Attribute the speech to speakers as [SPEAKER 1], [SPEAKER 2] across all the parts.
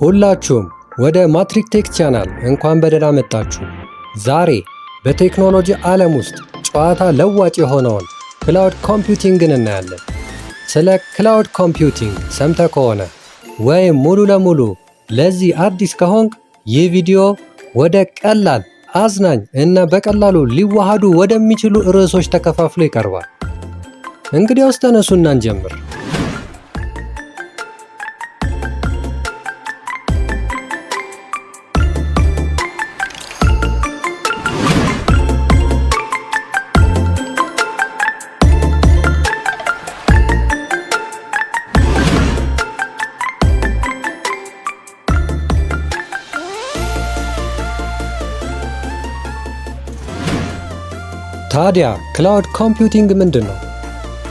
[SPEAKER 1] ሁላችሁም ወደ ማትሪክ ቴክ ቻናል እንኳን በደህና መጣችሁ። ዛሬ በቴክኖሎጂ ዓለም ውስጥ ጨዋታ ለዋጭ የሆነውን ክላውድ ኮምፒውቲንግን እናያለን። ስለ ክላውድ ኮምፒውቲንግ ሰምተ ከሆነ ወይም ሙሉ ለሙሉ ለዚህ አዲስ ከሆንክ ይህ ቪዲዮ ወደ ቀላል አዝናኝ እና በቀላሉ ሊዋሃዱ ወደሚችሉ ርዕሶች ተከፋፍሎ ይቀርባል። እንግዲያውስ ተነሱና እንጀምር። ታዲያ ክላውድ ኮምፒውቲንግ ምንድን ነው?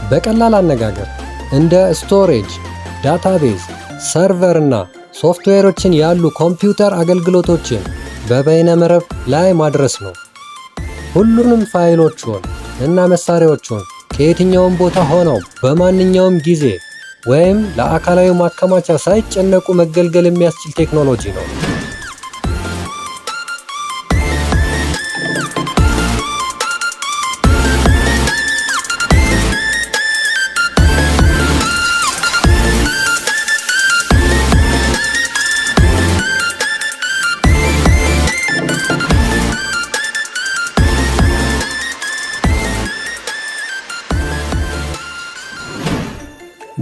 [SPEAKER 1] በቀላል አነጋገር እንደ ስቶሬጅ፣ ዳታቤዝ፣ ሰርቨር እና ሶፍትዌሮችን ያሉ ኮምፒውተር አገልግሎቶችን በበይነ መረብ ላይ ማድረስ ነው። ሁሉንም ፋይሎችን እና መሳሪያዎችን ከየትኛውም ቦታ ሆነው በማንኛውም ጊዜ ወይም ለአካላዊ ማከማቻ ሳይጨነቁ መገልገል የሚያስችል ቴክኖሎጂ ነው።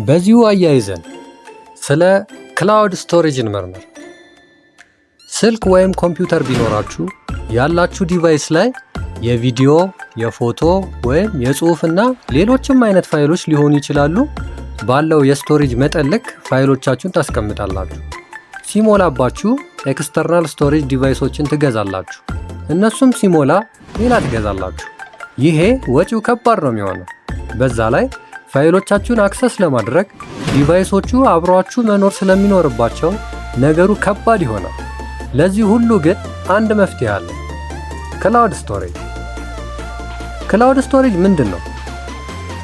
[SPEAKER 1] በዚሁ አያይዘን ስለ ክላውድ ስቶሬጅ እንመርምር። ስልክ ወይም ኮምፒውተር ቢኖራችሁ ያላችሁ ዲቫይስ ላይ የቪዲዮ፣ የፎቶ ወይም የጽሑፍና እና ሌሎችም አይነት ፋይሎች ሊሆኑ ይችላሉ ባለው የስቶሬጅ መጠን ልክ ፋይሎቻችሁን ታስቀምጣላችሁ። ሲሞላባችሁ ኤክስተርናል ስቶሬጅ ዲቫይሶችን ትገዛላችሁ። እነሱም ሲሞላ ሌላ ትገዛላችሁ። ይሄ ወጪው ከባድ ነው የሚሆነው። በዛ ላይ ፋይሎቻችሁን አክሰስ ለማድረግ ዲቫይሶቹ አብሯችሁ መኖር ስለሚኖርባቸው ነገሩ ከባድ ይሆናል። ለዚህ ሁሉ ግን አንድ መፍትሄ አለ፣ ክላውድ ስቶሬጅ። ክላውድ ስቶሬጅ ምንድን ነው?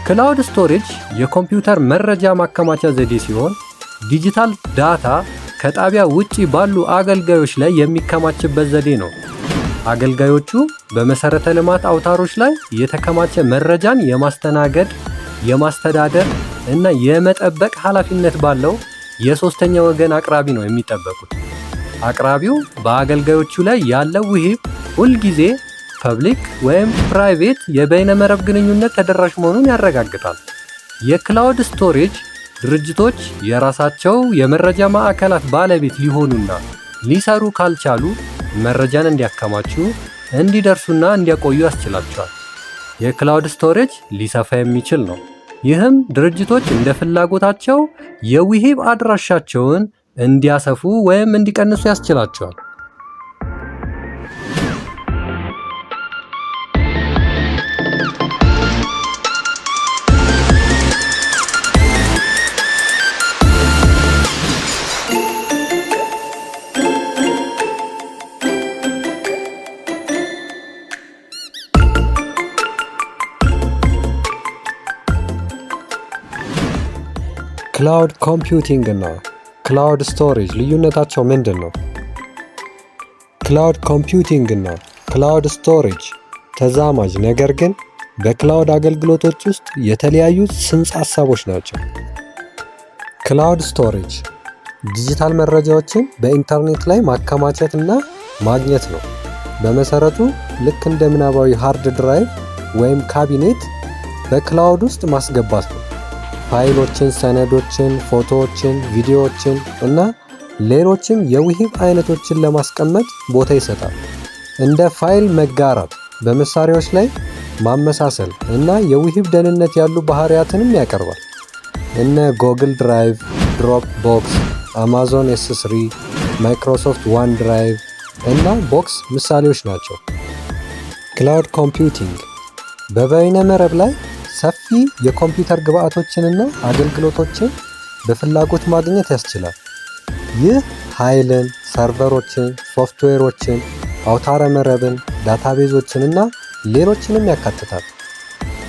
[SPEAKER 1] ክላውድ ስቶሬጅ የኮምፒውተር መረጃ ማከማቻ ዘዴ ሲሆን ዲጂታል ዳታ ከጣቢያ ውጪ ባሉ አገልጋዮች ላይ የሚከማችበት ዘዴ ነው። አገልጋዮቹ በመሰረተ ልማት አውታሮች ላይ የተከማቸ መረጃን የማስተናገድ የማስተዳደር እና የመጠበቅ ኃላፊነት ባለው የሶስተኛ ወገን አቅራቢ ነው የሚጠበቁት። አቅራቢው በአገልጋዮቹ ላይ ያለው ውሂብ ሁልጊዜ ፐብሊክ ወይም ፕራይቬት የበይነመረብ ግንኙነት ተደራሽ መሆኑን ያረጋግጣል። የክላውድ ስቶሬጅ ድርጅቶች የራሳቸው የመረጃ ማዕከላት ባለቤት ሊሆኑና ሊሰሩ ካልቻሉ መረጃን እንዲያከማቹ እንዲደርሱና እንዲያቆዩ ያስችላቸዋል። የክላውድ ስቶሬጅ ሊሰፋ የሚችል ነው። ይህም ድርጅቶች እንደ ፍላጎታቸው የውሂብ አድራሻቸውን እንዲያሰፉ ወይም እንዲቀንሱ ያስችላቸዋል። ክላውድ ኮምፒውቲንግ እና ክላውድ ስቶሬጅ ልዩነታቸው ምንድን ነው? ክላውድ ኮምፒውቲንግ እና ክላውድ ስቶሬጅ ተዛማጅ ነገር ግን በክላውድ አገልግሎቶች ውስጥ የተለያዩ ጽንሰ ሀሳቦች ናቸው። ክላውድ ስቶሬጅ ዲጂታል መረጃዎችን በኢንተርኔት ላይ ማከማቸት እና ማግኘት ነው። በመሰረቱ ልክ እንደ ምናባዊ ሃርድ ድራይቭ ወይም ካቢኔት በክላውድ ውስጥ ማስገባት ነው። ፋይሎችን፣ ሰነዶችን፣ ፎቶዎችን፣ ቪዲዮዎችን እና ሌሎችም የውሂብ አይነቶችን ለማስቀመጥ ቦታ ይሰጣል። እንደ ፋይል መጋራት፣ በመሳሪያዎች ላይ ማመሳሰል እና የውሂብ ደህንነት ያሉ ባህሪያትንም ያቀርባል። እነ ጎግል ድራይቭ፣ ድሮፕ ቦክስ፣ አማዞን ኤስ ማይክሮሶፍት ዋን ድራይቭ እና ቦክስ ምሳሌዎች ናቸው። ክላውድ ኮምፒውቲንግ በበይነ መረብ ላይ ሰፊ የኮምፒውተር ግብዓቶችንና አገልግሎቶችን በፍላጎት ማግኘት ያስችላል። ይህ ኃይልን፣ ሰርቨሮችን፣ ሶፍትዌሮችን፣ አውታረ መረብን፣ ዳታቤዞችን እና ሌሎችንም ያካትታል።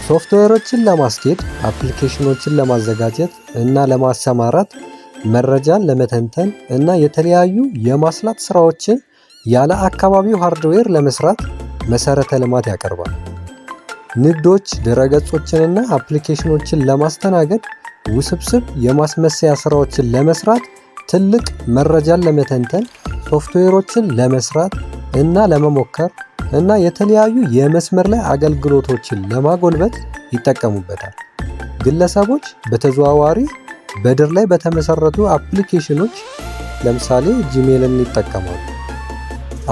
[SPEAKER 1] ሶፍትዌሮችን ለማስኬድ፣ አፕሊኬሽኖችን ለማዘጋጀት እና ለማሰማራት፣ መረጃን ለመተንተን እና የተለያዩ የማስላት ስራዎችን ያለ አካባቢው ሃርድዌር ለመስራት መሰረተ ልማት ያቀርባል። ንግዶች ድረገጾችንና አፕሊኬሽኖችን ለማስተናገድ ውስብስብ የማስመሰያ ሥራዎችን ለመስራት ትልቅ መረጃን ለመተንተን ሶፍትዌሮችን ለመስራት እና ለመሞከር እና የተለያዩ የመስመር ላይ አገልግሎቶችን ለማጎልበት ይጠቀሙበታል። ግለሰቦች በተዘዋዋሪ በድር ላይ በተመሰረቱ አፕሊኬሽኖች ለምሳሌ ጂሜልን ይጠቀማሉ።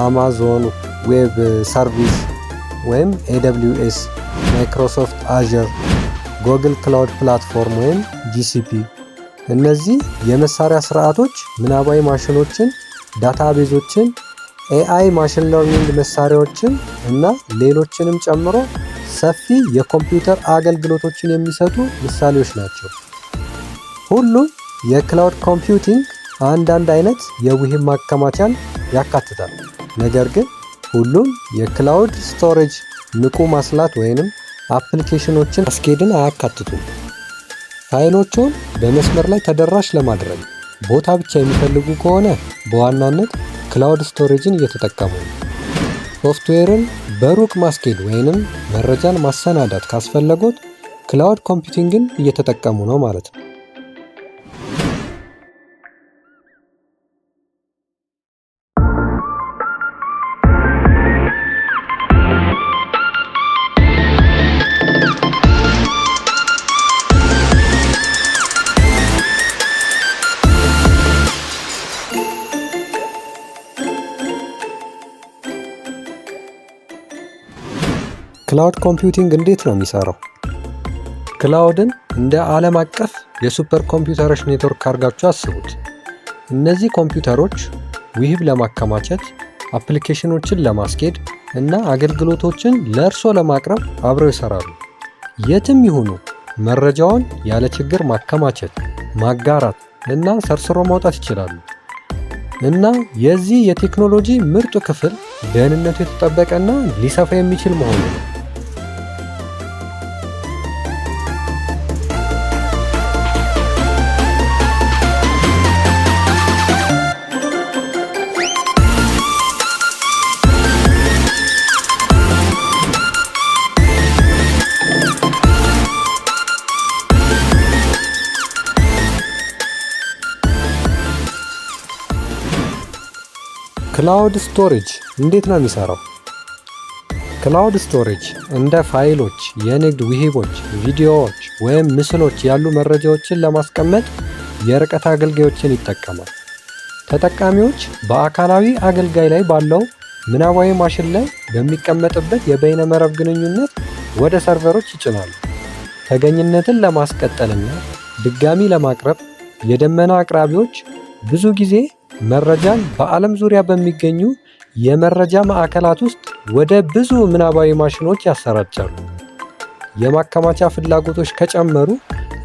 [SPEAKER 1] አማዞን ዌብ ሰርቪስ ወይም AWS፣ ማይክሮሶፍት አዥር፣ ጎግል ክላውድ ፕላትፎርም ወይም ጂሲፒ። እነዚህ የመሳሪያ ስርዓቶች ምናባዊ ማሽኖችን፣ ዳታቤዞችን፣ ኤአይ ማሽን ለርኒንግ መሳሪያዎችን እና ሌሎችንም ጨምሮ ሰፊ የኮምፒውተር አገልግሎቶችን የሚሰጡ ምሳሌዎች ናቸው። ሁሉም የክላውድ ኮምፒውቲንግ አንዳንድ አይነት የውሂብ ማከማቻን ያካትታል፣ ነገር ግን ሁሉም የክላውድ ስቶሬጅ ንቁ ማስላት ወይንም አፕሊኬሽኖችን አስኬድን አያካትቱም። ፋይሎቹን በመስመር ላይ ተደራሽ ለማድረግ ቦታ ብቻ የሚፈልጉ ከሆነ በዋናነት ክላውድ ስቶሬጅን እየተጠቀሙ ነው። ሶፍትዌርን በሩቅ ማስኬድ ወይንም መረጃን ማሰናዳት ካስፈለጎት ክላውድ ኮምፒውቲንግን እየተጠቀሙ ነው ማለት ነው። ክላውድ ኮምፒውቲንግ እንዴት ነው የሚሰራው? ክላውድን እንደ ዓለም አቀፍ የሱፐር ኮምፒውተሮች ኔትወርክ አድርጋችሁ አስቡት። እነዚህ ኮምፒውተሮች ውህብ ለማከማቸት፣ አፕሊኬሽኖችን ለማስኬድ እና አገልግሎቶችን ለእርሶ ለማቅረብ አብረው ይሰራሉ። የትም ይሁኑ መረጃውን ያለ ችግር ማከማቸት፣ ማጋራት እና ሰርስሮ ማውጣት ይችላሉ። እና የዚህ የቴክኖሎጂ ምርጡ ክፍል ደህንነቱ የተጠበቀና ሊሰፋ የሚችል መሆኑ ነው። ክላውድ ስቶሬጅ እንዴት ነው የሚሰራው? ክላውድ ስቶሬጅ እንደ ፋይሎች፣ የንግድ ውሂቦች፣ ቪዲዮዎች ወይም ምስሎች ያሉ መረጃዎችን ለማስቀመጥ የርቀት አገልጋዮችን ይጠቀማል። ተጠቃሚዎች በአካላዊ አገልጋይ ላይ ባለው ምናባዊ ማሽን ላይ በሚቀመጥበት የበይነ መረብ ግንኙነት ወደ ሰርቨሮች ይጭናሉ። ተገኝነትን ለማስቀጠልና ድጋሚ ለማቅረብ የደመና አቅራቢዎች ብዙ ጊዜ መረጃን በዓለም ዙሪያ በሚገኙ የመረጃ ማዕከላት ውስጥ ወደ ብዙ ምናባዊ ማሽኖች ያሰራጫሉ። የማከማቻ ፍላጎቶች ከጨመሩ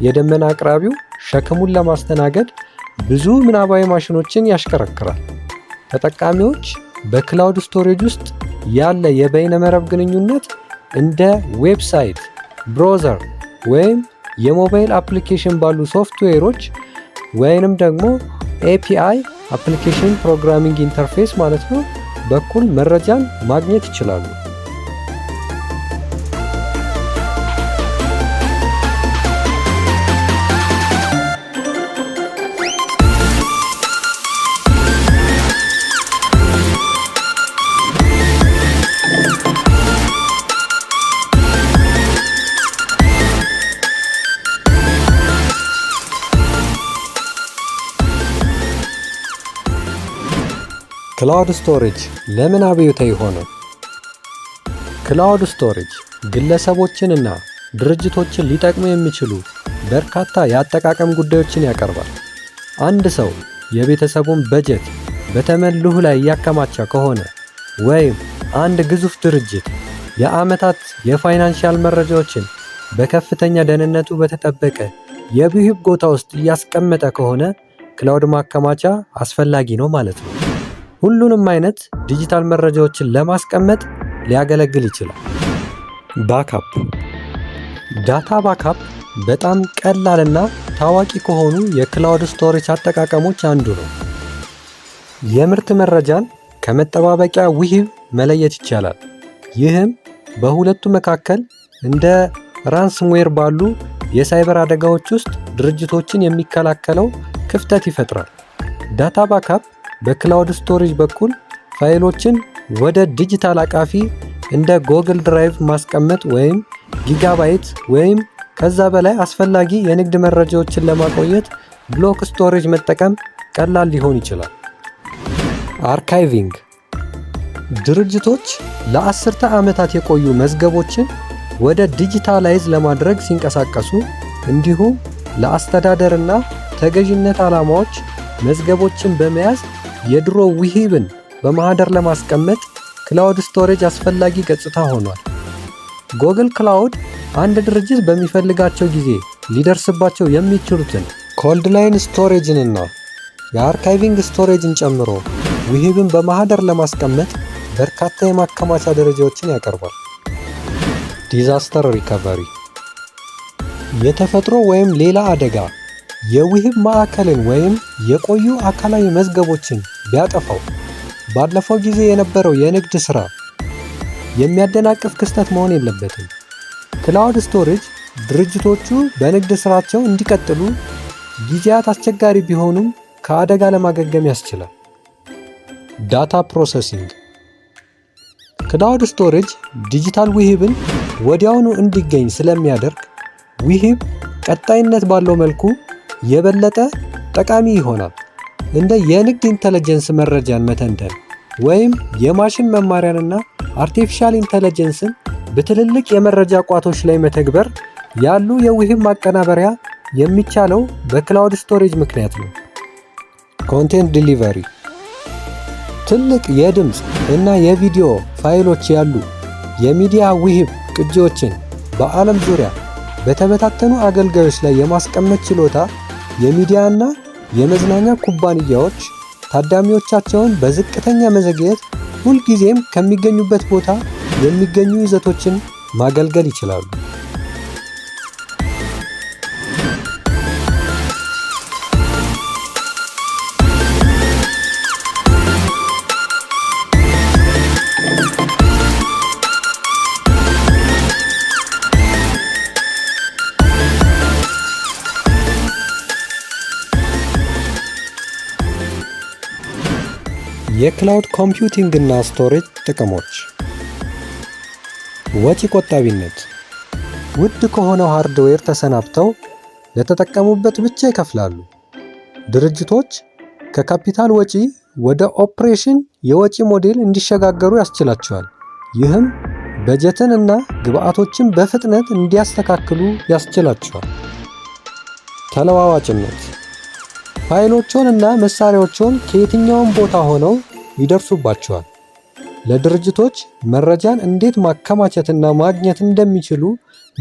[SPEAKER 1] የደመና አቅራቢው ሸክሙን ለማስተናገድ ብዙ ምናባዊ ማሽኖችን ያሽከረክራል። ተጠቃሚዎች በክላውድ ስቶሬጅ ውስጥ ያለ የበይነ መረብ ግንኙነት እንደ ዌብሳይት፣ ብሮዘር ወይም የሞባይል አፕሊኬሽን ባሉ ሶፍትዌሮች ወይንም ደግሞ ኤፒአይ አፕሊኬሽን ፕሮግራሚንግ ኢንተርፌስ ማለት ነው በኩል መረጃን ማግኘት ይችላሉ። ክላውድ ስቶሬጅ ለምን አብዮታ ሆነ? ክላውድ ስቶሬጅ ግለሰቦችንና ድርጅቶችን ሊጠቅሙ የሚችሉ በርካታ የአጠቃቀም ጉዳዮችን ያቀርባል። አንድ ሰው የቤተሰቡን በጀት በተመልሁ ላይ እያከማቸ ከሆነ ወይም አንድ ግዙፍ ድርጅት የዓመታት የፋይናንሻል መረጃዎችን በከፍተኛ ደህንነቱ በተጠበቀ የብሂብ ቦታ ውስጥ እያስቀመጠ ከሆነ ክላውድ ማከማቻ አስፈላጊ ነው ማለት ነው። ሁሉንም አይነት ዲጂታል መረጃዎችን ለማስቀመጥ ሊያገለግል ይችላል። ባካፕ ዳታ ባካፕ በጣም ቀላልና ታዋቂ ከሆኑ የክላውድ ስቶሬጅ አጠቃቀሞች አንዱ ነው። የምርት መረጃን ከመጠባበቂያ ውሂብ መለየት ይቻላል። ይህም በሁለቱ መካከል እንደ ራንስምዌር ባሉ የሳይበር አደጋዎች ውስጥ ድርጅቶችን የሚከላከለው ክፍተት ይፈጥራል። ዳታ ባካፕ በክላውድ ስቶሬጅ በኩል ፋይሎችን ወደ ዲጂታል አቃፊ እንደ ጎግል ድራይቭ ማስቀመጥ ወይም ጊጋባይት ወይም ከዛ በላይ አስፈላጊ የንግድ መረጃዎችን ለማቆየት ብሎክ ስቶሬጅ መጠቀም ቀላል ሊሆን ይችላል። አርካይቪንግ ድርጅቶች ለአስርተ ዓመታት የቆዩ መዝገቦችን ወደ ዲጂታላይዝ ለማድረግ ሲንቀሳቀሱ እንዲሁም ለአስተዳደርና ተገዥነት ዓላማዎች መዝገቦችን በመያዝ የድሮ ውሂብን በማህደር ለማስቀመጥ ክላውድ ስቶሬጅ አስፈላጊ ገጽታ ሆኗል። ጎግል ክላውድ አንድ ድርጅት በሚፈልጋቸው ጊዜ ሊደርስባቸው የሚችሉትን ኮልድ ላይን ስቶሬጅንና የአርካይቪንግ ስቶሬጅን ጨምሮ ውሂብን በማህደር ለማስቀመጥ በርካታ የማከማቻ ደረጃዎችን ያቀርባል። ዲዛስተር ሪካቨሪ የተፈጥሮ ወይም ሌላ አደጋ የውሂብ ማዕከልን ወይም የቆዩ አካላዊ መዝገቦችን ቢያጠፋው ባለፈው ጊዜ የነበረው የንግድ ሥራ የሚያደናቅፍ ክስተት መሆን የለበትም። ክላውድ ስቶሬጅ ድርጅቶቹ በንግድ ሥራቸው እንዲቀጥሉ ጊዜያት አስቸጋሪ ቢሆኑም ከአደጋ ለማገገም ያስችላል። ዳታ ፕሮሰሲንግ ክላውድ ስቶሬጅ ዲጂታል ውሂብን ወዲያውኑ እንዲገኝ ስለሚያደርግ ውሂብ ቀጣይነት ባለው መልኩ የበለጠ ጠቃሚ ይሆናል። እንደ የንግድ ኢንተለጀንስ መረጃን መተንተን ወይም የማሽን መማሪያንና አርቲፊሻል ኢንተለጀንስን በትልልቅ የመረጃ ቋቶች ላይ መተግበር ያሉ የውህብ ማቀናበሪያ የሚቻለው በክላውድ ስቶሬጅ ምክንያት ነው። ኮንቴንት ዲሊቨሪ ትልቅ የድምፅ እና የቪዲዮ ፋይሎች ያሉ የሚዲያ ውህብ ቅጂዎችን በዓለም ዙሪያ በተበታተኑ አገልጋዮች ላይ የማስቀመጥ ችሎታ የሚዲያና የመዝናኛ ኩባንያዎች ታዳሚዎቻቸውን በዝቅተኛ መዘግየት ሁልጊዜም ከሚገኙበት ቦታ የሚገኙ ይዘቶችን ማገልገል ይችላሉ። የክላውድ ኮምፒውቲንግ እና ስቶሬጅ ጥቅሞች ወጪ ቆጣቢነት፣ ውድ ከሆነው ሃርድዌር ተሰናብተው ለተጠቀሙበት ብቻ ይከፍላሉ። ድርጅቶች ከካፒታል ወጪ ወደ ኦፕሬሽን የወጪ ሞዴል እንዲሸጋገሩ ያስችላቸዋል። ይህም በጀትን እና ግብአቶችን በፍጥነት እንዲያስተካክሉ ያስችላቸዋል። ተለዋዋጭነት ፋይሎችን እና መሳሪያዎችን ከየትኛውም ቦታ ሆነው ይደርሱባቸዋል። ለድርጅቶች መረጃን እንዴት ማከማቸትና ማግኘት እንደሚችሉ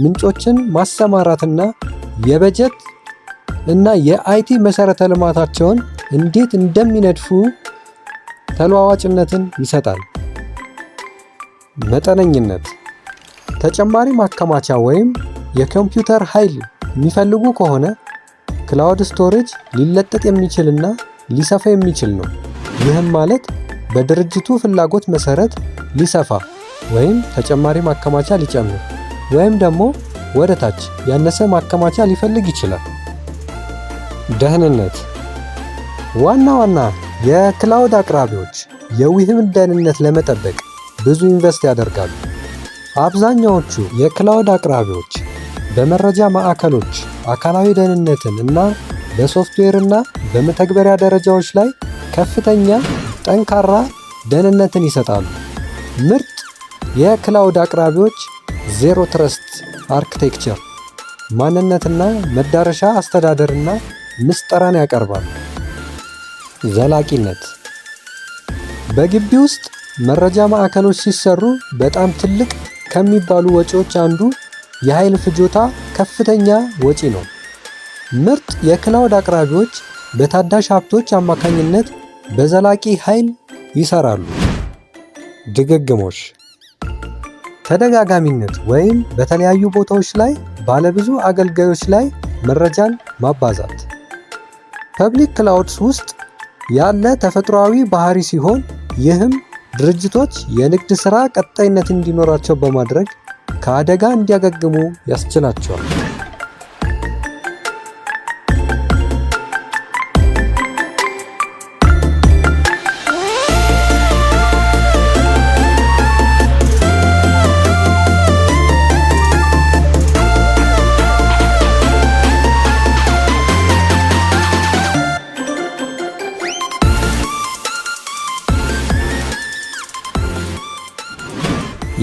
[SPEAKER 1] ምንጮችን ማሰማራትና የበጀት እና የአይቲ መሠረተ ልማታቸውን እንዴት እንደሚነድፉ ተለዋዋጭነትን ይሰጣል። መጠነኝነት ተጨማሪ ማከማቻ ወይም የኮምፒውተር ኃይል የሚፈልጉ ከሆነ ክላውድ ስቶሬጅ ሊለጠጥ የሚችልና ሊሰፋ የሚችል ነው። ይህም ማለት በድርጅቱ ፍላጎት መሰረት ሊሰፋ ወይም ተጨማሪ ማከማቻ ሊጨምር ወይም ደግሞ ወደ ታች ያነሰ ማከማቻ ሊፈልግ ይችላል። ደህንነት ዋና ዋና የክላውድ አቅራቢዎች የውህብን ደህንነት ለመጠበቅ ብዙ ኢንቨስት ያደርጋሉ። አብዛኛዎቹ የክላውድ አቅራቢዎች በመረጃ ማዕከሎች አካላዊ ደህንነትን እና በሶፍትዌርና በመተግበሪያ ደረጃዎች ላይ ከፍተኛ ጠንካራ ደህንነትን ይሰጣሉ። ምርጥ የክላውድ አቅራቢዎች ዜሮ ትረስት አርክቴክቸር ማንነትና መዳረሻ አስተዳደርና ምስጠራን ያቀርባሉ። ዘላቂነት በግቢ ውስጥ መረጃ ማዕከሎች ሲሰሩ በጣም ትልቅ ከሚባሉ ወጪዎች አንዱ የኃይል ፍጆታ ከፍተኛ ወጪ ነው። ምርጥ የክላውድ አቅራቢዎች በታዳሽ ሀብቶች አማካኝነት በዘላቂ ኃይል ይሰራሉ። ድግግሞሽ ተደጋጋሚነት ወይም በተለያዩ ቦታዎች ላይ ባለብዙ አገልጋዮች ላይ መረጃን ማባዛት ፐብሊክ ክላውድስ ውስጥ ያለ ተፈጥሯዊ ባህሪ ሲሆን ይህም ድርጅቶች የንግድ ሥራ ቀጣይነት እንዲኖራቸው በማድረግ ከአደጋ እንዲያገግሙ ያስችላቸዋል።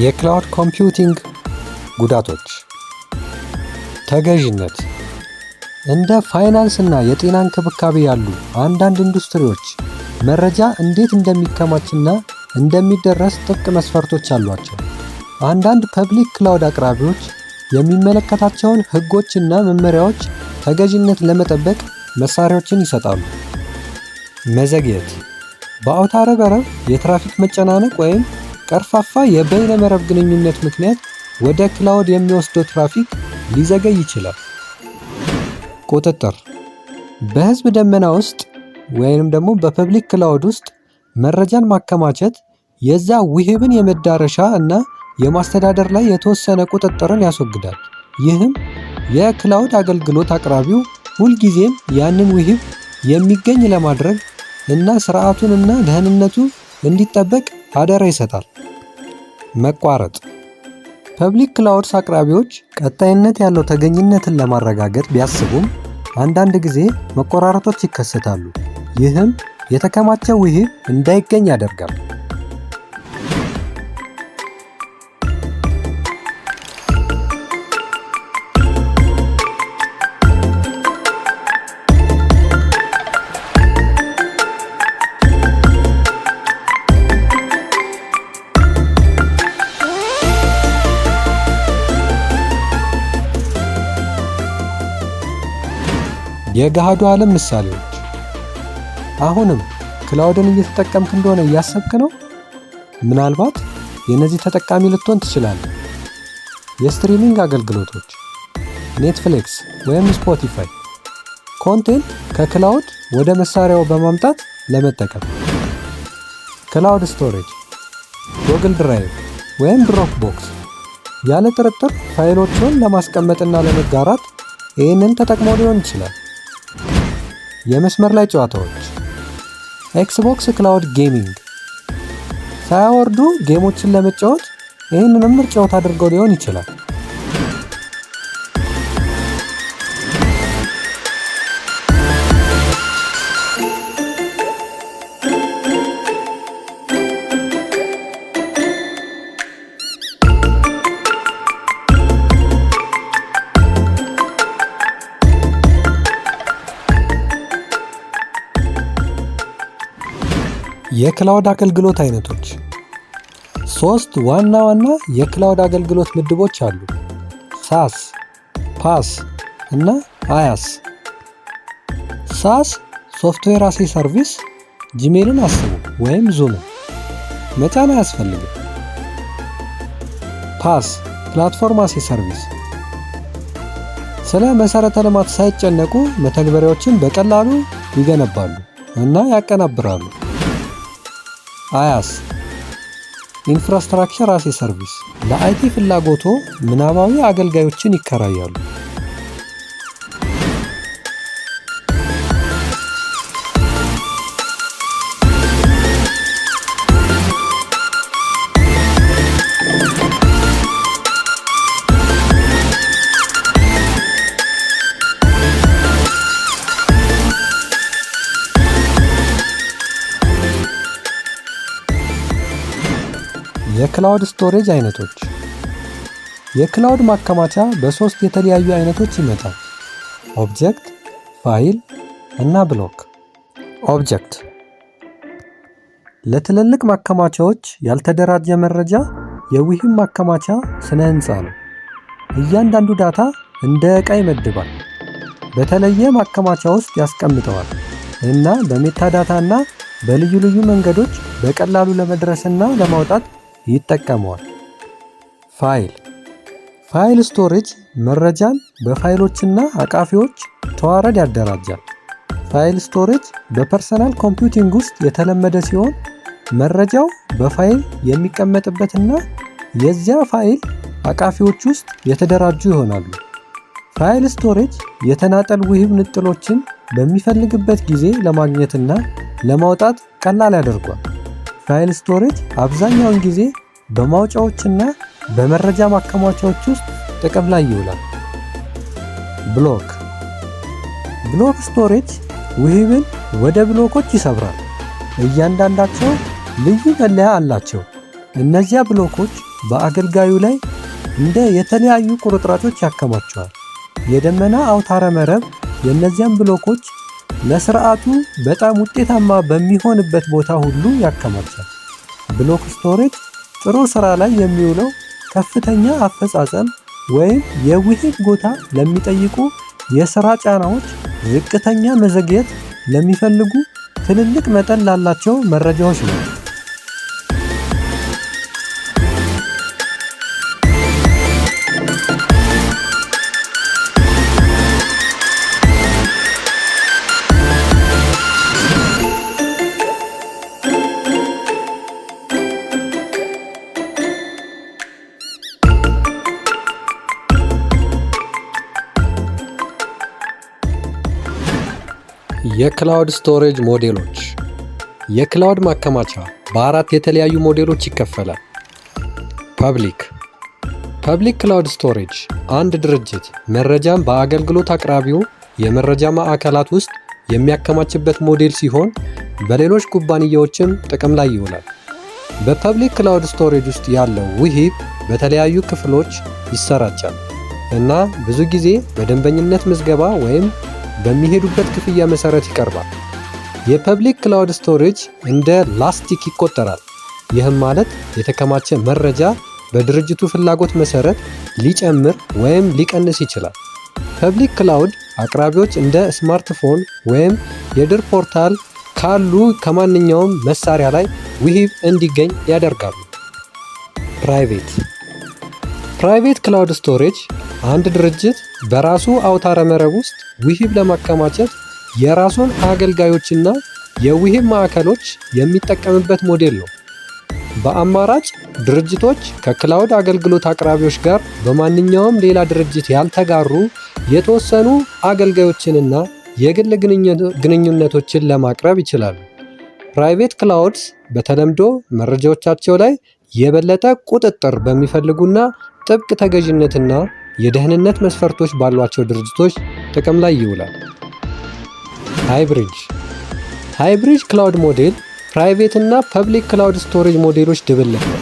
[SPEAKER 1] የክላውድ ኮምፒውቲንግ ጉዳቶች ተገዥነት እንደ ፋይናንስ እና የጤና እንክብካቤ ያሉ አንዳንድ ኢንዱስትሪዎች መረጃ እንዴት እንደሚከማችና እንደሚደረስ ጥብቅ መስፈርቶች አሏቸው። አንዳንድ ፐብሊክ ክላውድ አቅራቢዎች የሚመለከታቸውን ሕጎችና መመሪያዎች ተገዥነት ለመጠበቅ መሳሪያዎችን ይሰጣሉ። መዘግየት በአውታረ በረብ የትራፊክ መጨናነቅ ወይም ቀርፋፋ የበይነ መረብ ግንኙነት ምክንያት ወደ ክላውድ የሚወስደው ትራፊክ ሊዘገይ ይችላል። ቁጥጥር በህዝብ ደመና ውስጥ ወይንም ደግሞ በፐብሊክ ክላውድ ውስጥ መረጃን ማከማቸት የዛ ውህብን የመዳረሻ እና የማስተዳደር ላይ የተወሰነ ቁጥጥርን ያስወግዳል። ይህም የክላውድ አገልግሎት አቅራቢው ሁልጊዜም ያንን ውህብ የሚገኝ ለማድረግ እና ስርዓቱን እና ደህንነቱ እንዲጠበቅ አደራ ይሰጣል። መቋረጥ ፐብሊክ ክላውድስ አቅራቢዎች ቀጣይነት ያለው ተገኝነትን ለማረጋገጥ ቢያስቡም አንዳንድ ጊዜ መቆራረጦች ይከሰታሉ። ይህም የተከማቸው ውህብ እንዳይገኝ ያደርጋል። የገሃዱ ዓለም ምሳሌዎች። አሁንም ክላውድን እየተጠቀምክ እንደሆነ እያሰብክ ነው? ምናልባት የእነዚህ ተጠቃሚ ልትሆን ትችላለህ። የስትሪሚንግ አገልግሎቶች ኔትፍሊክስ ወይም ስፖቲፋይ፣ ኮንቴንት ከክላውድ ወደ መሳሪያው በማምጣት ለመጠቀም። ክላውድ ስቶሬጅ ጉግል ድራይቭ ወይም ድሮፕ ቦክስ፣ ያለ ጥርጥር ፋይሎችን ለማስቀመጥና ለመጋራት ይህንን ተጠቅሞ ሊሆን ይችላል። የመስመር ላይ ጨዋታዎች፣ ኤክስቦክስ ክላውድ ጌሚንግ። ሳያወርዱ ጌሞችን ለመጫወት ይህንንም ምርጫዎት አድርገው ሊሆን ይችላል። የክላውድ አገልግሎት አይነቶች ሶስት ዋና ዋና የክላውድ አገልግሎት ምድቦች አሉ። ሳስ፣ ፓስ እና አያስ። ሳስ ሶፍትዌር አሴ ሰርቪስ ጂሜልን አስቡ ወይም ዙም መጫን አያስፈልግም። ፓስ ፕላትፎርም አሴ ሰርቪስ ስለ መሰረተ ልማት ሳይጨነቁ መተግበሪያዎችን በቀላሉ ይገነባሉ እና ያቀናብራሉ። አያስ ኢንፍራስትራክቸር አሴ ሰርቪስ ለአይቲ ፍላጎቶ ምናባዊ አገልጋዮችን ይከራያሉ። የክላውድ ስቶሬጅ አይነቶች የክላውድ ማከማቻ በሶስት የተለያዩ አይነቶች ይመጣል። ኦብጀክት፣ ፋይል እና ብሎክ። ኦብጀክት ለትልልቅ ማከማቻዎች ያልተደራጀ መረጃ የዊህም ማከማቻ ስነ ህንፃ ነው። እያንዳንዱ ዳታ እንደ ዕቃ ይመድባል፣ በተለየ ማከማቻ ውስጥ ያስቀምጠዋል እና በሜታ ዳታ እና በልዩ ልዩ መንገዶች በቀላሉ ለመድረስና ለማውጣት ይጠቀመዋል። ፋይል ፋይል ስቶሬጅ መረጃን በፋይሎችና አቃፊዎች ተዋረድ ያደራጃል። ፋይል ስቶሬጅ በፐርሰናል ኮምፒውቲንግ ውስጥ የተለመደ ሲሆን መረጃው በፋይል የሚቀመጥበትና የዚያ ፋይል አቃፊዎች ውስጥ የተደራጁ ይሆናሉ። ፋይል ስቶሬጅ የተናጠል ውህብ ንጥሎችን በሚፈልግበት ጊዜ ለማግኘትና ለማውጣት ቀላል ያደርጓል። ፋይል ስቶሬጅ አብዛኛውን ጊዜ በማውጫዎችና በመረጃ ማከማቻዎች ውስጥ ጥቅም ላይ ይውላል። ብሎክ ብሎክ ስቶሬጅ ውህብን ወደ ብሎኮች ይሰብራል። እያንዳንዳቸው ልዩ መለያ አላቸው። እነዚያ ብሎኮች በአገልጋዩ ላይ እንደ የተለያዩ ቁርጥራጮች ያከማቸዋል። የደመና አውታረ መረብ የእነዚያን ብሎኮች ለስርዓቱ በጣም ውጤታማ በሚሆንበት ቦታ ሁሉ ያከማቻል። ብሎክ ስቶሬጅ ጥሩ ስራ ላይ የሚውለው ከፍተኛ አፈጻጸም ወይም የውሂድ ቦታ ለሚጠይቁ የስራ ጫናዎች፣ ዝቅተኛ መዘግየት ለሚፈልጉ ትልልቅ መጠን ላላቸው መረጃዎች ነው። የክላውድ ስቶሬጅ ሞዴሎች የክላውድ ማከማቻ በአራት የተለያዩ ሞዴሎች ይከፈላል። ፐብሊክ ፐብሊክ ክላውድ ስቶሬጅ አንድ ድርጅት መረጃን በአገልግሎት አቅራቢው የመረጃ ማዕከላት ውስጥ የሚያከማችበት ሞዴል ሲሆን በሌሎች ኩባንያዎችም ጥቅም ላይ ይውላል። በፐብሊክ ክላውድ ስቶሬጅ ውስጥ ያለው ውሂብ በተለያዩ ክፍሎች ይሰራጫል እና ብዙ ጊዜ በደንበኝነት ምዝገባ ወይም በሚሄዱበት ክፍያ መሰረት ይቀርባል። የፐብሊክ ክላውድ ስቶሬጅ እንደ ላስቲክ ይቆጠራል። ይህም ማለት የተከማቸ መረጃ በድርጅቱ ፍላጎት መሰረት ሊጨምር ወይም ሊቀንስ ይችላል። ፐብሊክ ክላውድ አቅራቢዎች እንደ ስማርትፎን ወይም የድር ፖርታል ካሉ ከማንኛውም መሳሪያ ላይ ውሂብ እንዲገኝ ያደርጋሉ። ፕራይቬት ፕራይቬት ክላውድ ስቶሬጅ አንድ ድርጅት በራሱ አውታረ መረብ ውስጥ ውሂብ ለማከማቸት የራሱን አገልጋዮችና የውሂብ ማዕከሎች የሚጠቀምበት ሞዴል ነው። በአማራጭ ድርጅቶች ከክላውድ አገልግሎት አቅራቢዎች ጋር በማንኛውም ሌላ ድርጅት ያልተጋሩ የተወሰኑ አገልጋዮችንና የግል ግንኙነቶችን ለማቅረብ ይችላሉ። ፕራይቬት ክላውድስ በተለምዶ መረጃዎቻቸው ላይ የበለጠ ቁጥጥር በሚፈልጉና ጥብቅ ተገዥነትና የደህንነት መስፈርቶች ባሏቸው ድርጅቶች ጥቅም ላይ ይውላል። ሃይብሪጅ ሃይብሪጅ ክላውድ ሞዴል ፕራይቬት እና ፐብሊክ ክላውድ ስቶሬጅ ሞዴሎች ድብልቅ ነው።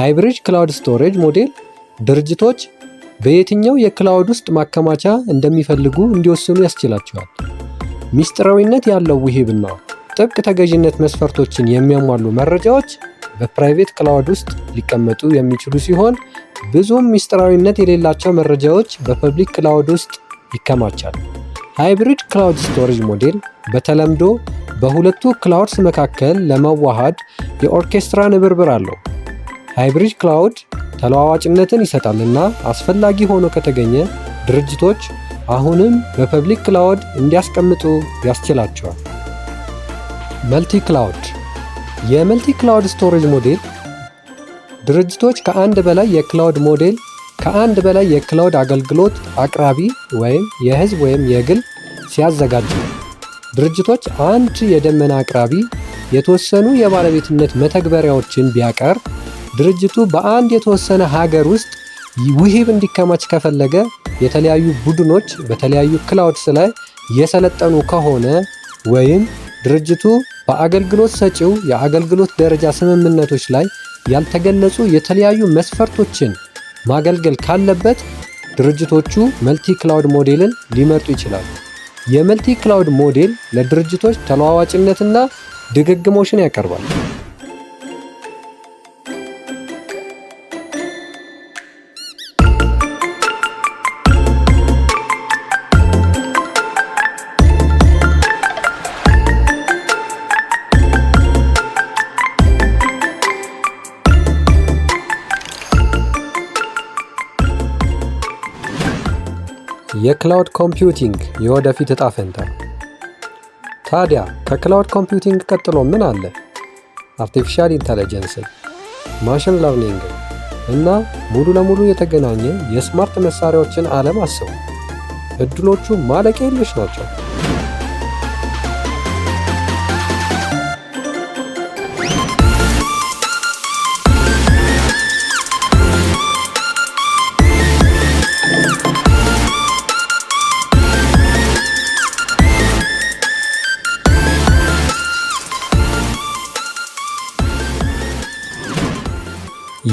[SPEAKER 1] ሃይብሪጅ ክላውድ ስቶሬጅ ሞዴል ድርጅቶች በየትኛው የክላውድ ውስጥ ማከማቻ እንደሚፈልጉ እንዲወስኑ ያስችላቸዋል። ሚስጥራዊነት ያለው ውሂብና ጥብቅ ተገዥነት መስፈርቶችን የሚያሟሉ መረጃዎች በፕራይቬት ክላውድ ውስጥ ሊቀመጡ የሚችሉ ሲሆን ብዙም ምስጢራዊነት የሌላቸው መረጃዎች በፐብሊክ ክላውድ ውስጥ ይከማቻል። ሃይብሪድ ክላውድ ስቶሬጅ ሞዴል በተለምዶ በሁለቱ ክላውድስ መካከል ለመዋሃድ የኦርኬስትራ ንብርብር አለው። ሃይብሪድ ክላውድ ተለዋዋጭነትን ይሰጣልና አስፈላጊ ሆኖ ከተገኘ ድርጅቶች አሁንም በፐብሊክ ክላውድ እንዲያስቀምጡ ያስችላቸዋል። መልቲ ክላውድ የመልቲ ክላውድ ስቶሬጅ ሞዴል ድርጅቶች ከአንድ በላይ የክላውድ ሞዴል ከአንድ በላይ የክላውድ አገልግሎት አቅራቢ ወይም የህዝብ ወይም የግል ሲያዘጋጁ ድርጅቶች አንድ የደመና አቅራቢ የተወሰኑ የባለቤትነት መተግበሪያዎችን ቢያቀርብ ድርጅቱ በአንድ የተወሰነ ሀገር ውስጥ ውሂብ እንዲከማች ከፈለገ የተለያዩ ቡድኖች በተለያዩ ክላውድስ ላይ የሰለጠኑ ከሆነ ወይም ድርጅቱ በአገልግሎት ሰጪው የአገልግሎት ደረጃ ስምምነቶች ላይ ያልተገለጹ የተለያዩ መስፈርቶችን ማገልገል ካለበት ድርጅቶቹ መልቲ ክላውድ ሞዴልን ሊመርጡ ይችላሉ። የመልቲ ክላውድ ሞዴል ለድርጅቶች ተለዋዋጭነትና ድግግሞሽን ያቀርባል። የክላውድ ኮምፒውቲንግ የወደፊት እጣ ፈንታ። ታዲያ ከክላውድ ኮምፒውቲንግ ቀጥሎ ምን አለ? አርቲፊሻል ኢንተለጀንስን፣ ማሽን ለርኒንግን እና ሙሉ ለሙሉ የተገናኘ የስማርት መሳሪያዎችን ዓለም አስቡ። እድሎቹ ማለቂያ የለሽ ናቸው።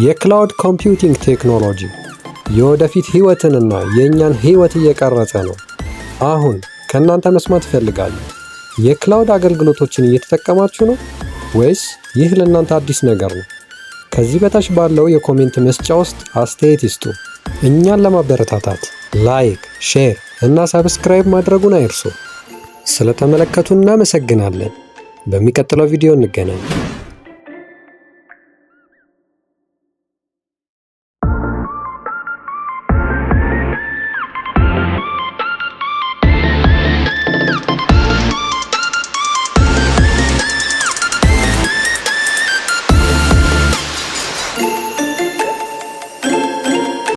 [SPEAKER 1] የክላውድ ኮምፒውቲንግ ቴክኖሎጂ የወደፊት ሕይወትንና የእኛን ሕይወት እየቀረጸ ነው። አሁን ከእናንተ መስማት እፈልጋለሁ። የክላውድ አገልግሎቶችን እየተጠቀማችሁ ነው ወይስ ይህ ለእናንተ አዲስ ነገር ነው? ከዚህ በታች ባለው የኮሜንት መስጫ ውስጥ አስተያየት ይስጡ። እኛን ለማበረታታት ላይክ፣ ሼር እና ሰብስክራይብ ማድረጉን አይርሱ። ስለተመለከቱ እናመሰግናለን። በሚቀጥለው ቪዲዮ እንገናኝ።